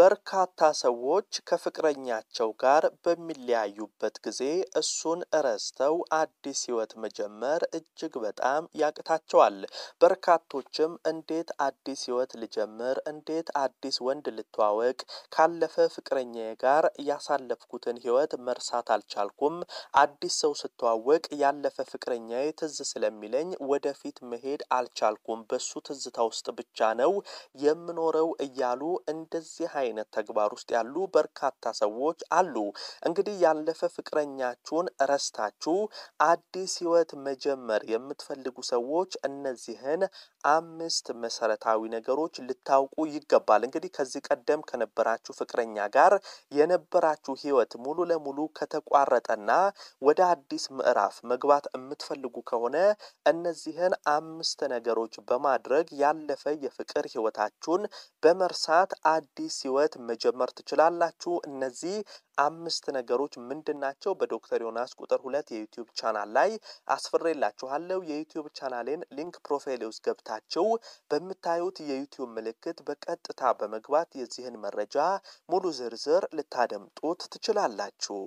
በርካታ ሰዎች ከፍቅረኛቸው ጋር በሚለያዩበት ጊዜ እሱን ረስተው አዲስ ህይወት መጀመር እጅግ በጣም ያቅታቸዋል። በርካቶችም እንዴት አዲስ ህይወት ልጀምር፣ እንዴት አዲስ ወንድ ልተዋወቅ፣ ካለፈ ፍቅረኛዬ ጋር ያሳለፍኩትን ህይወት መርሳት አልቻልኩም፣ አዲስ ሰው ስተዋወቅ ያለፈ ፍቅረኛዬ ትዝ ስለሚለኝ ወደፊት መሄድ አልቻልኩም፣ በሱ ትዝታ ውስጥ ብቻ ነው የምኖረው እያሉ እንደዚህ አይነት ተግባር ውስጥ ያሉ በርካታ ሰዎች አሉ። እንግዲህ ያለፈ ፍቅረኛችሁን እረስታችሁ አዲስ ህይወት መጀመር የምትፈልጉ ሰዎች እነዚህን አምስት መሰረታዊ ነገሮች ልታውቁ ይገባል። እንግዲህ ከዚህ ቀደም ከነበራችሁ ፍቅረኛ ጋር የነበራችሁ ህይወት ሙሉ ለሙሉ ከተቋረጠና ወደ አዲስ ምዕራፍ መግባት የምትፈልጉ ከሆነ እነዚህን አምስት ነገሮች በማድረግ ያለፈ የፍቅር ህይወታችሁን በመርሳት አዲስ ህይወት ህይወት መጀመር ትችላላችሁ። እነዚህ አምስት ነገሮች ምንድን ናቸው? በዶክተር ዮናስ ቁጥር ሁለት የዩቲዩብ ቻናል ላይ አስፍሬላችኋለሁ። የዩቲዩብ ቻናሌን ሊንክ ፕሮፋይል ውስጥ ገብታችሁ በምታዩት የዩቲዩብ ምልክት በቀጥታ በመግባት የዚህን መረጃ ሙሉ ዝርዝር ልታደምጡት ትችላላችሁ።